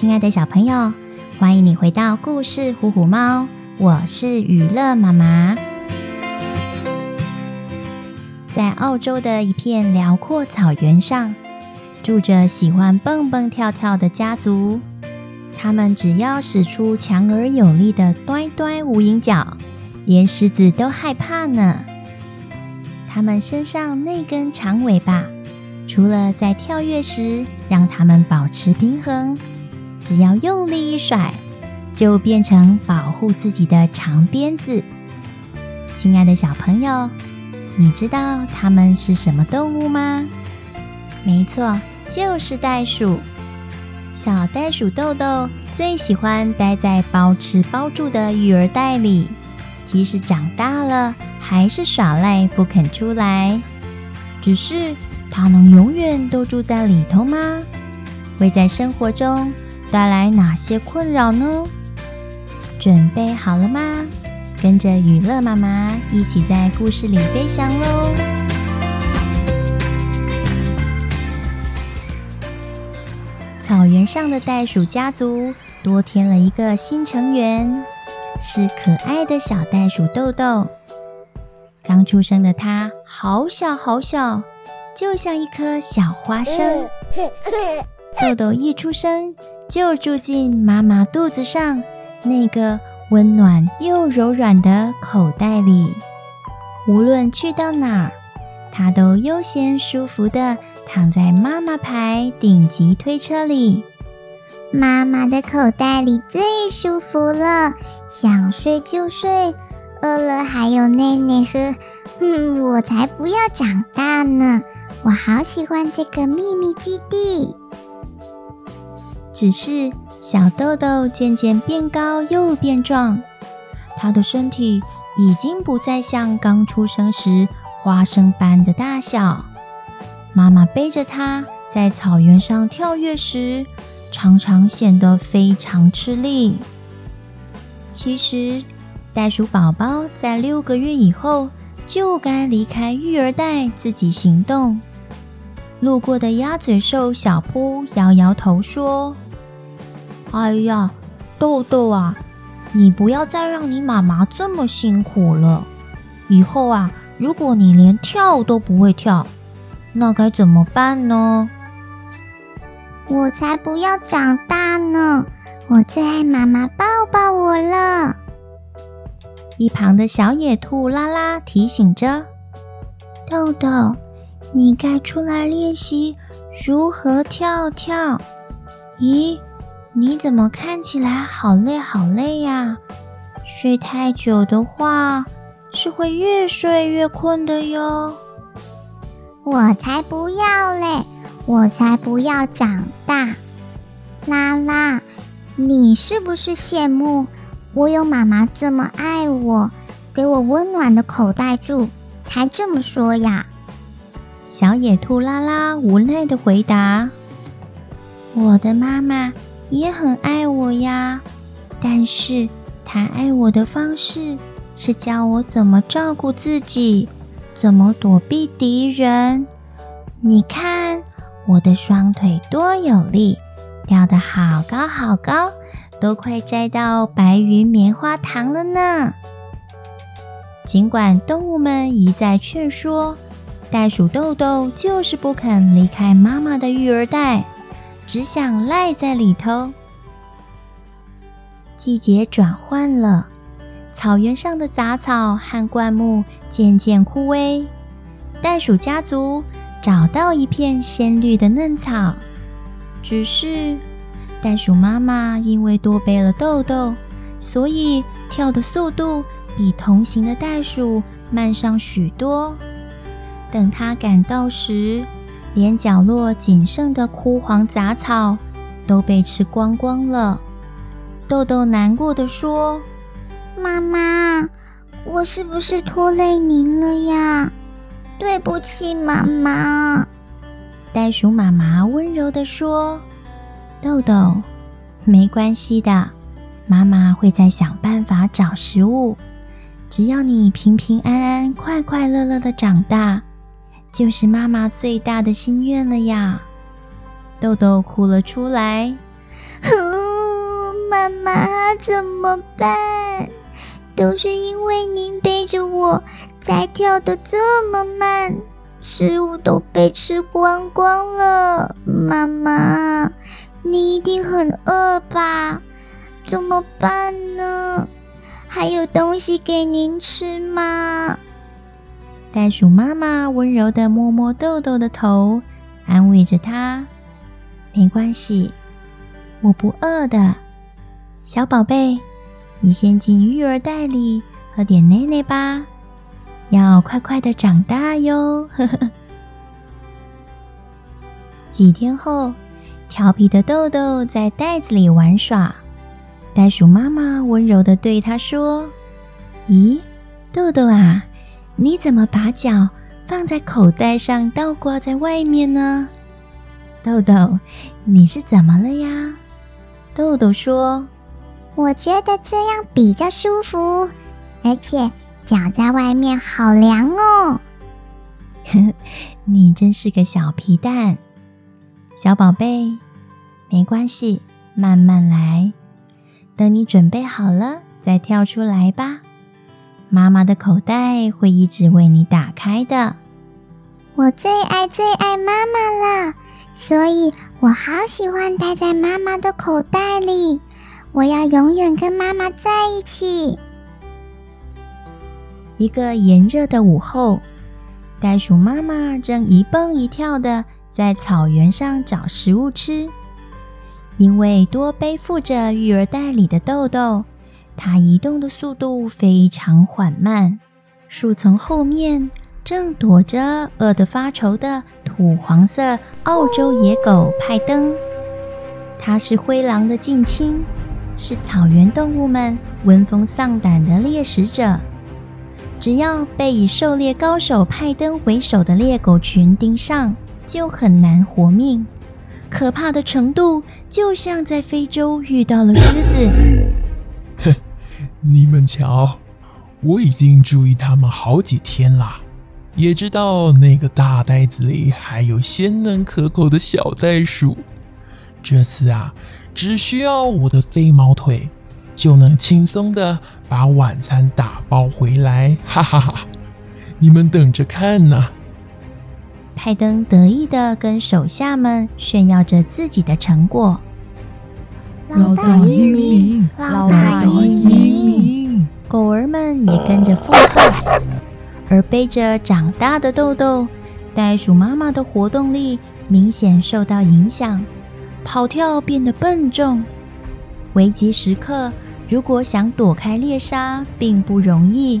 親愛的小朋友，歡迎你回到故事《虎虎貓》。我是予樂媽媽。在澳洲的一片遼闊草原上，住着喜歡蹦蹦跳跳的家族。他們只要使出強而有力的“呆呆無影腳”，連獅子都害怕呢。他們身上那根長尾巴，除了在跳躍時讓他們保持平衡，只要用力一甩，就變成保護自己的長鞭子。親愛的小朋友，你知道它們是什麼動物嗎？沒錯，就是袋鼠。小袋鼠豆豆最喜歡待在包吃包住的育兒袋裡，即使長大了，還是耍賴不肯出來。只是它能永遠都住在裡頭嗎？會在生活中帶來哪些困擾呢？準備好了嗎？跟着予樂媽媽一起在故事裡飛翔嘍！草原上的袋鼠家族多添了一個新成員，是可愛的小袋鼠豆豆。剛出生的她好小好小，就像一顆小花生。 豆豆一出生。就住進媽媽肚子上那個溫暖又柔軟的口袋裡，無論去到哪兒，她都悠閒舒服地躺在媽媽牌頂級推車裡。媽媽的口袋裡最舒服了，想睡就睡，餓了還有奶奶喝。哼、嗯，我才不要長大呢！我好喜歡這個秘密基地。只是小豆豆漸漸變高又變壯，他的身體已經不再像剛出生時花生般的大小。媽媽背着他在草原上跳躍時，常常顯得非常吃力。其實，袋鼠寶寶在六個月以後就該離開育兒袋自己行動，路過的鴨嘴獸小撲搖搖頭說。哎呀，豆豆啊，你不要再讓你媽媽這麼辛苦了。以後啊，如果你連跳都不會跳，那該怎麼辦呢？我才不要長大呢！我最愛媽媽抱抱我了。一旁的小野兔拉拉提醒着豆豆：“你該出來練習如何跳跳。”咦？你怎麼看起來好累好累呀？睡太久的話，是會越睡越睏的喲。我才不要嘞！我才不要長大。拉拉，你是不是羨慕我有媽媽這麼愛我，給我溫暖的口袋住，才這麼說呀？小野兔拉拉無奈的回答：“我的媽媽。”也很愛我呀，但是他愛我的方式是教我怎麼照顧自己，怎麼躲避敵人。你看我的雙腿多有力，跳得好高好高，都快摘到白雲棉花糖了呢。儘管動物們一再勸說，袋鼠豆豆就是不肯離開媽媽的育兒袋，只想賴在裡頭。季節轉換了，草原上的雜草和灌木漸漸枯萎。袋鼠家族找到一片鮮綠的嫩草，只是袋鼠媽媽因為多背了豆豆，所以跳的速度比同行的袋鼠慢上許多。等它趕到時，連角落僅剩的枯黃雜草都被吃光光了。豆豆難過地說：“媽媽，我是不是拖累您了呀？對不起，媽媽。”袋鼠媽媽溫柔地說：“豆豆，沒關係的，媽媽會再想辦法找食物。只要你平平安安、快快樂樂地長大。”就是媽媽最大的心願了呀！豆豆哭了出來，嗚，媽媽，怎麼辦？都是因為您背着我才跳得這麼慢，食物都被吃光光了。媽媽，你一定很餓吧？怎麼辦呢？還有東西給您吃嗎？袋鼠媽媽溫柔的摸摸豆豆的頭，安慰着他，“沒關係，我不餓的，小寶貝，你先進育兒袋裡喝點奶奶吧，要快快的長大喲。”呵呵。幾天後，調皮的豆豆在袋子裡玩耍，袋鼠媽媽溫柔的對他說：“咦，豆豆啊？”你怎麼把腳放在口袋上倒掛在外面呢？豆豆，你是怎麼了呀？豆豆說：“我覺得這樣比較舒服，而且腳在外面好涼哦。 ”你真是個小皮蛋，小寶貝，沒關係，慢慢來，等你準備好了再跳出來吧。媽媽的口袋會一直為你打開的。我最愛最愛媽媽了，所以我好喜歡待在媽媽的口袋裡。我要永遠跟媽媽在一起。一個炎熱的午後，袋鼠媽媽正一蹦一跳的在草原上找食物吃，因為多背負着育兒袋裡的豆豆。它移動的速度非常緩慢，樹叢後面正躲着餓得發愁的土黃色澳洲野狗派登。它是灰狼的近親，是草原動物們聞風喪膽的獵食者。只要被以狩獵高手派登為首的獵狗群盯上，就很難活命。可怕的程度，就像在非洲遇到了獅子。你們瞧，我已經注意他們好幾天了，也知道那個大袋子裡還有鮮嫩可口的小袋鼠。這次啊，只需要我的飛毛腿，就能輕鬆的把晚餐打包回來！哈哈哈！你們等着看呢、啊！派登得意的跟手下們炫耀着自己的成果。老大英明，老大英明。狗兒們也跟着附和，而背着長大的豆豆，袋鼠媽媽的活動力明顯受到影響，跑跳變得笨重。危急時刻，如果想躲開獵殺並不容易。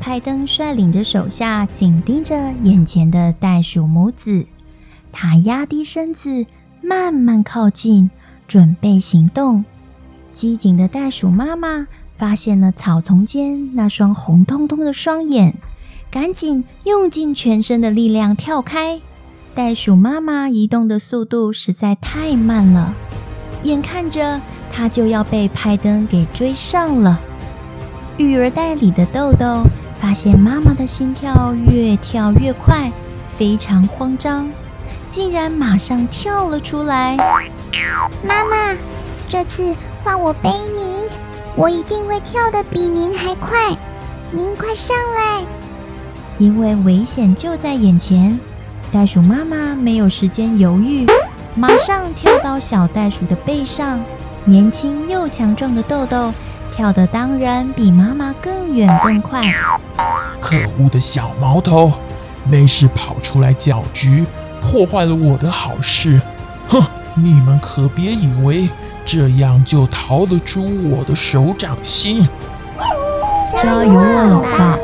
派登率領着手下緊盯着眼前的袋鼠母子，他壓低身子，慢慢靠近，準備行動。機警的袋鼠媽媽。發現了草叢間那雙紅彤彤的雙眼，趕緊用盡全身的力量跳開。袋鼠媽媽移動的速度實在太慢了，眼看着它就要被拍燈給追上了。育兒袋裡的豆豆發現媽媽的心跳越跳越快，非常慌張，竟然馬上跳了出來。媽媽，這次換我背您，我一定會跳得比您還快，您快上來！因為危險就在眼前，袋鼠媽媽沒有時間猶豫，馬上跳到小袋鼠的背上。年輕又強壯的豆豆跳得當然比媽媽更遠更快。可惡的小毛頭，沒事跑出來攪局，破壞了我的好事。哼，你們可別以為。這樣就逃得出我的手掌心。加油，老爸！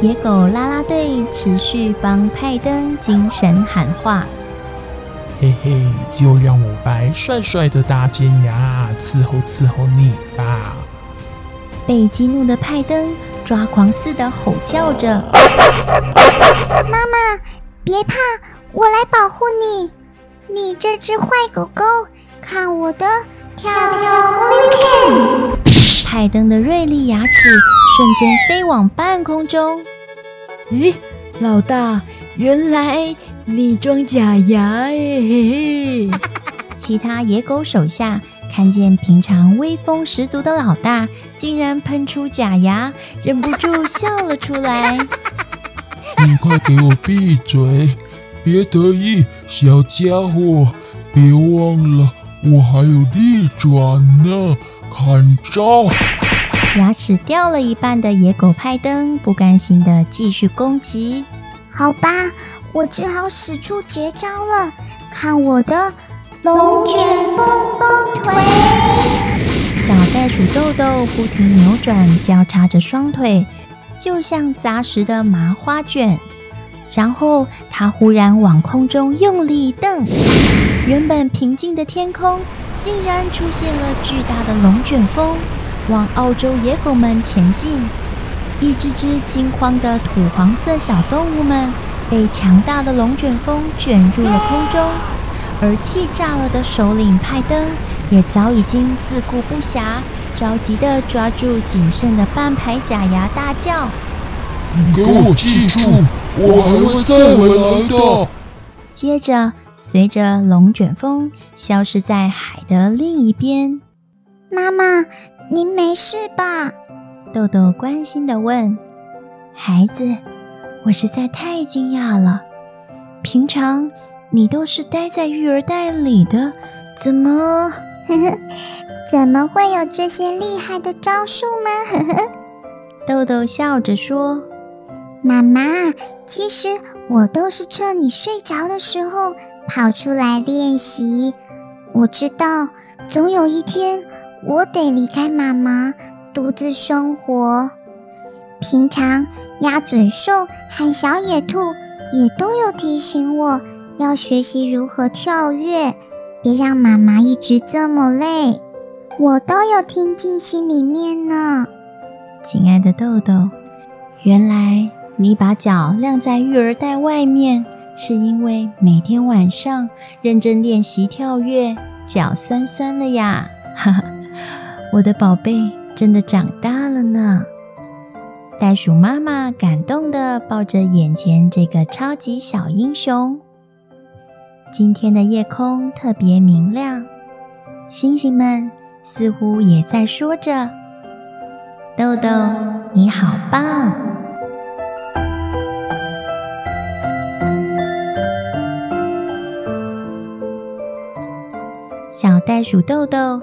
野狗啦啦隊持續幫派登精神喊話。嘿嘿，就讓我白帥帥的大尖牙伺候伺候你吧！被激怒的派登抓狂似的吼叫着：“媽媽，別怕，我來保護你！你這隻壞狗狗！”看我的跳跳虎靈犬！泰登的銳利牙齒瞬間飛往半空中。咦，老大，原來你裝假牙誒、欸嘿嘿！ 其他野狗手下看見平常威風十足的老大竟然噴出假牙，忍不住笑了出來。你快給我閉嘴！ 別得意，小家伙，別忘了。我還有逆轉呢，看招！牙齒掉了一半的野狗派登不甘心地繼續攻擊。好吧，我只好使出絕招了，看我的龍捲蹦蹦腿！小袋鼠豆豆不停扭轉交叉着雙腿，就像紮實的麻花捲。然後他忽然往空中用力一蹬。原本平靜的天空，竟然出現了巨大的龍捲風，往澳洲野狗們前進。一隻隻驚慌的土黃色小動物們，被強大的龍捲風卷入了空中。啊、而氣炸了的首領派登，也早已經自顧不暇，着急地抓住僅剩的半排假牙，大叫：“你給我記住，我還會再回來的。”接着。隨着龍捲風消失在海的另一邊。媽媽，您沒事吧？豆豆關心地問。孩子，我實在太驚訝了。平常你都是待在育兒袋裡的，怎麼， 怎麼會有這些厲害的招數嗎？ 豆豆笑着說媽媽，其實我都是趁你睡着的時候。跑出來練習，我知道總有一天我得離開媽媽獨自生活。平常鴨嘴獸和小野兔也都有提醒我要學習如何跳躍，別讓媽媽一直這麼累，我都有聽進心裡面呢。親愛的豆豆，原來你把腳晾在育兒袋外面，是因為每天晚上認真練習跳躍，腳酸酸了呀！哈哈，我的寶貝真的長大了呢。袋鼠媽媽感動地抱着眼前這個超級小英雄。今天的夜空特別明亮，星星們似乎也在說着：“豆豆，你好棒！”小袋鼠豆豆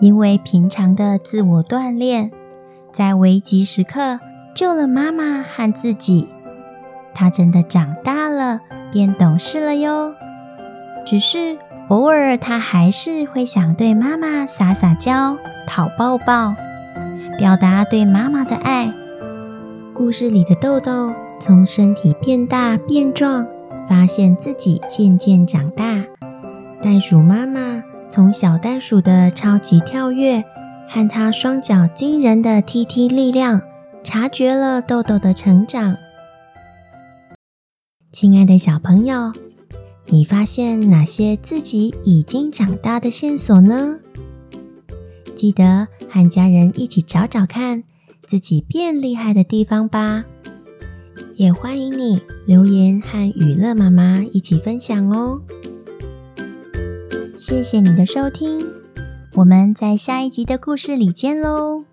因為平常的自我鍛鍊，在危急時刻救了媽媽和自己。他真的長大了，變懂事了喲。只是偶爾，他還是會想對媽媽撒撒嬌，嬌、討抱抱，表達對媽媽的愛。故事裡的豆豆從身體變大變壯，發現自己漸漸長大。袋鼠媽媽，從小袋鼠的超級跳躍和他雙腳驚人的踢踢力量，察覺了豆豆的成長。親愛的小朋友，你發現哪些自己已經長大的線索呢？記得和家人一起找找看，自己變厲害的地方吧。也歡迎你留言和予樂媽媽一起分享哦。謝謝你的收聽，我們在下一集的故事裡見嘍。